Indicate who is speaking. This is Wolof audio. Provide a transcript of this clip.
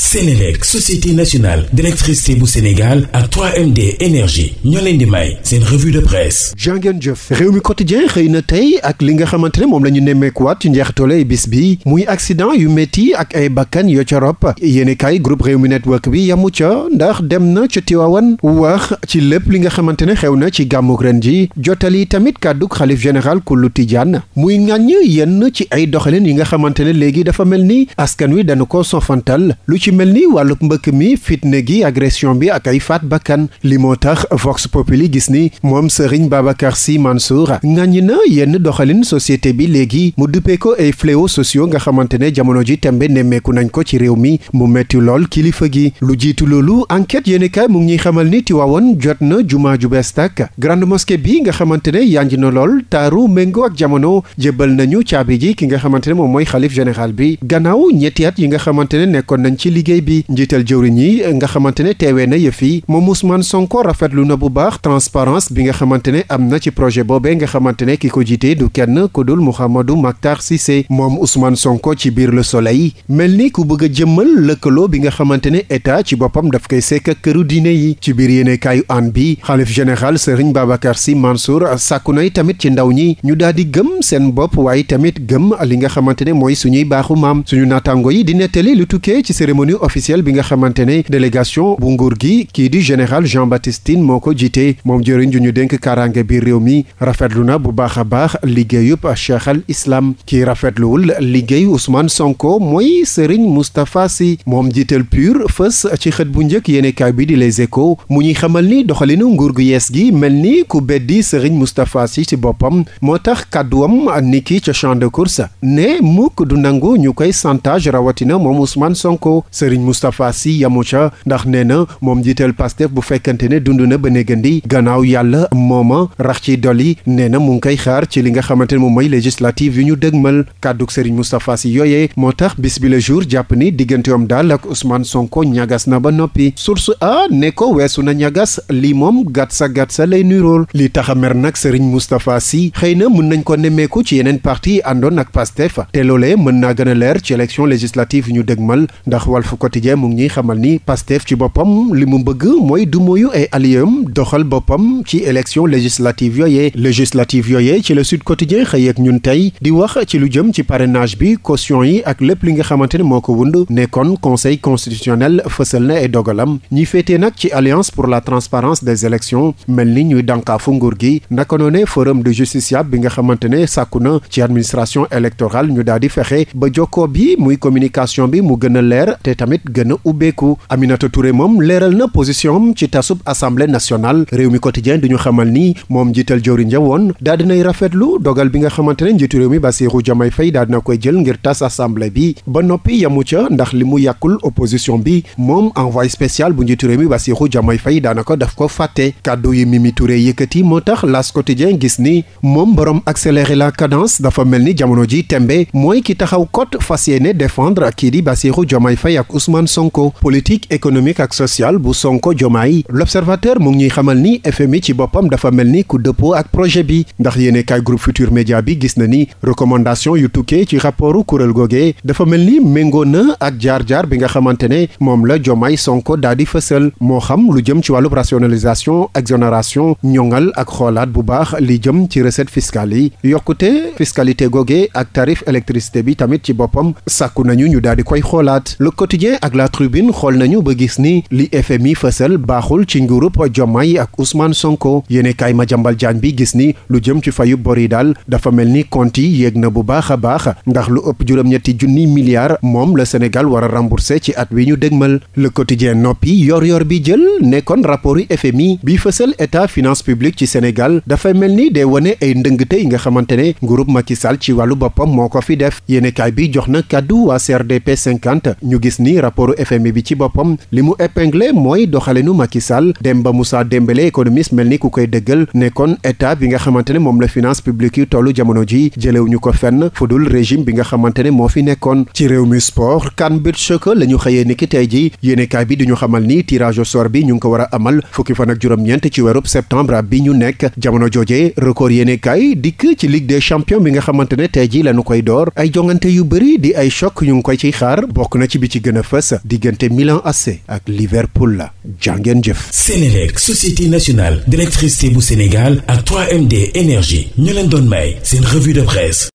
Speaker 1: Sénélec société nationale d'électricité bu Sénégal ak 3 énergie ñoo leen di may seen revue de presse. jàngeen jëf réew mi quotidien xëy na tey ak li nga xamante ne moom la ñu nemmeekuwaat ci njeextoolay bis bi muy accident yu métti ak ay bakkan yoo ca ropp yéenekaay kay groupe réew mi network bi yamu ca ndax dem na ca Tiwaawan wax ci lépp li nga xamante ne xew na ci gàmmug ren ji jottali tamit kàddug xalif général lu Tijaan muy ŋàññ yenn ci ay doxalin yi nga xamante ne léegi dafa mel ni askan wi dana ko sofantal lu ci ci mel ni wàllub mbëkk mi fitne gi agression bi ak ay faat bakkan li moo tax Vox Populi gis ni moom Serigne Babacar Sy Mansour ŋàññi na yenn doxalin société bi léegi mu duppee ko ay fléaux sociaux nga xamante ne jamono ji tembe nemmeeku nañ ko ci réew mi mu metti lool kilifa gi lu jiitu loolu enquête yéenekaay mu ngi ñuy xamal ni Tiwaawan jot na jumaa ju bees tàkk grande mosquée bi nga xamante ne yanj na lool taaru méngoo ak jamono jébbal nañu caabi ji ki nga xamante ne moom mooy xalif général bi liggéey bi njiital jëwriñ yi nga xamante ne teewee na yëf yi moom Ousmane Sonko rafetlu na bu baax transparence bi nga xamante ne am na ci projet boobee nga xamante ne ki ko jiitee du kenn ku dul Mouhamadou Makhtar Cissé moom Ousmane Sonko ci biir Le Soleil mel ni ku bëgg a jëmmal lëkkaloo bi nga xamante ne état ci boppam daf koy sekk ak këru diine yi ci biir yéenekaayu an bi xalif général Serigne Babacar Sy Mansour sàkku nay tamit ci ndaw ñi ñu daal di gëm seen bopp waaye tamit gëm li nga xamante ne mooy suñuy baaxu cérémonie officielle bi nga xamante ne délégation bu nguur gi kii di général Jean Baptiste moo ko jiite moom jëriñ ju ñu dénk kaaraange biir réew mi rafetlu na bu baax a baax liggéeyub Cheikh al Islam kii rafetluwul liggéey Ousmane Sonko mooy Serigne Moustapha si moom jiital pur fës ci xët bu njëkk yéenekaay bi di Les Échos mu ñuy xamal ni doxalinu nguur gu yees gi mel ni ku beddi Serigne Moustapha si ci boppam moo tax kàdduwam niki ca champ de course ne mukk du nangu ñu koy santage rawatina moom Sonko Serigne Moustapha Sy yamu ca ndax nee na moom jiiteel Pastef bu fekkante ne dund na ba néegandi gannaaw yàlla mooma rax ci dolli nee na mu ngi koy xaar ci li nga xamante ne moom mooy législative yu ñu dëgmal kàdduk Serigne Moustapha Sy yooyee moo tax bis bi le jour jàpp ni diggante digganteem daal ak Ousmane Sonko ñagas na ba noppi source a ne ko weesu na ñagas lii moom gàtt sa gàtt sa lay nurool li tax a mer nag Serigne Moustapha si xëy na mën nañ ko nemmeeku ci yeneen parti àndoon ak Pastef te loolee mën naa gën a leer ci législative yu ñu dëgmal ndax Walf Quotidien mu ngi ñuy xamal ni Pastef ci boppam li mu bëgg mooy du moyu ay alliéem doxal boppam ci élection législative yooyee législative yooyee ci le Sud Quotidien xëy ak ñun tey di wax ci lu jëm ci parrainage bi caution yi ak lépp li nga xamante ne moo ko wund nekkoon conseil constitutionnel fësal na ay dogalam ñi féetee nag ci alliance pour la transparence des élections mel ni ñuy dànkaafu nguur gi naka noone forum de justiciable bi nga xamante ne sàkku n ci administration électorale ñu bi te tamit gën a ubbeeku Aminata Touré moom leeral na position am ci tasub assemblée nationale réew mi quotidien di xamal ni moom njiital jëwriñ ja woon daal dinay rafetlu dogal bi nga xamante ne njiitu réew mi Bassirou Diomaye Faye daal dina koy jël li mu yàkkul opposition bi moom envoyé spécial bu njiitu réew mi Bassirou Diomaye Faye daanaka daf ko fàtte kàddu yi Mimi Touré yëkkati moo tax L'As quotidien gis ni moom borom accélérer la cadence dafa mel ni jamono ji tembe mooy ki taxaw kot fas yéene défendre kii di Bassirou Diomaye Faye ak Ousmane Sonko politique économique ak sociale bu Sonko Jomaay l'observateur mu ngi ñuy xamal ni FMI ci boppam dafa mel ni ku dëppoo ak projet bi ndax yéene kaay groupe Futur Média bi gis na ni recommandation yu tukkee ci rapportu kuréel googee dafa mel ni méngoon na ak jaar-jaar bi nga xamante ne moom la Jomaay Sonko daal di fësal moo xam lu jëm ci wàllub rationalisation exonération ñoŋal ak xoolaat bu baax li jëm ci recette fiscale yi yokkute fiscalité googee ak tarif électricité bi tamit ci boppam sàkku quotidien ak la tribune xool nañu ba gis ni li FMI fësal baaxul ci nguurub yi ak Ousmane Sonko yéene ma jambal jaan bi gis ni lu jëm ci fayu bor yi daal dafa mel ni compte yi yéeg na bu baax a baax ndax lu ëpp juróom-ñetti junni milliards moom la Sénégal war a remboursé ci at wi ñu dégmal le quotidien noppi yor-yor bi jël nekkoon rapport yu FMI bi fësal état finance publique ci Sénégal dafay mel ni day wane ay ndëngte yi nga xamante ne nguurub Macky Sall ci wàllu boppam moo ko fi def yéene kaay jox na kàddu waa CRDP 50 ñu gis ni rapport fm bi ci boppam li mu épinglé mooy doxalinu Macky Sall dem ba Moussa Dembélé économiste mel ni ku koy dëggal nekkoon état bi nga xamante ne moom la finance publique yi tollu jamono ji jëlewuñu ko fenn fudul régime bi nga xamante ne moo fi nekkoon ci réew mi sport kan but choc la ñu xëyee ni ki tey ji yéenekaay bi duñu xamal ni tirage au sort bi ñu ngi ko war a amal fukki fan ak juróom-ñeent ci weerub septembre bi ñu nekk jamono jooje record yéenekaay dikk ci ligue des bi nga xamante ne tey ji lañu koy door ay jongante yu bëri di ay choc ñu ngi koy ciy xaar bokk na ci gën a fës diggante Milan AC ak Liverpool la jàngeen jëf. Sénélec société nationale d'électricité bu Sénégal ak 3MD énergie ñu leen doon may seen revue de presse.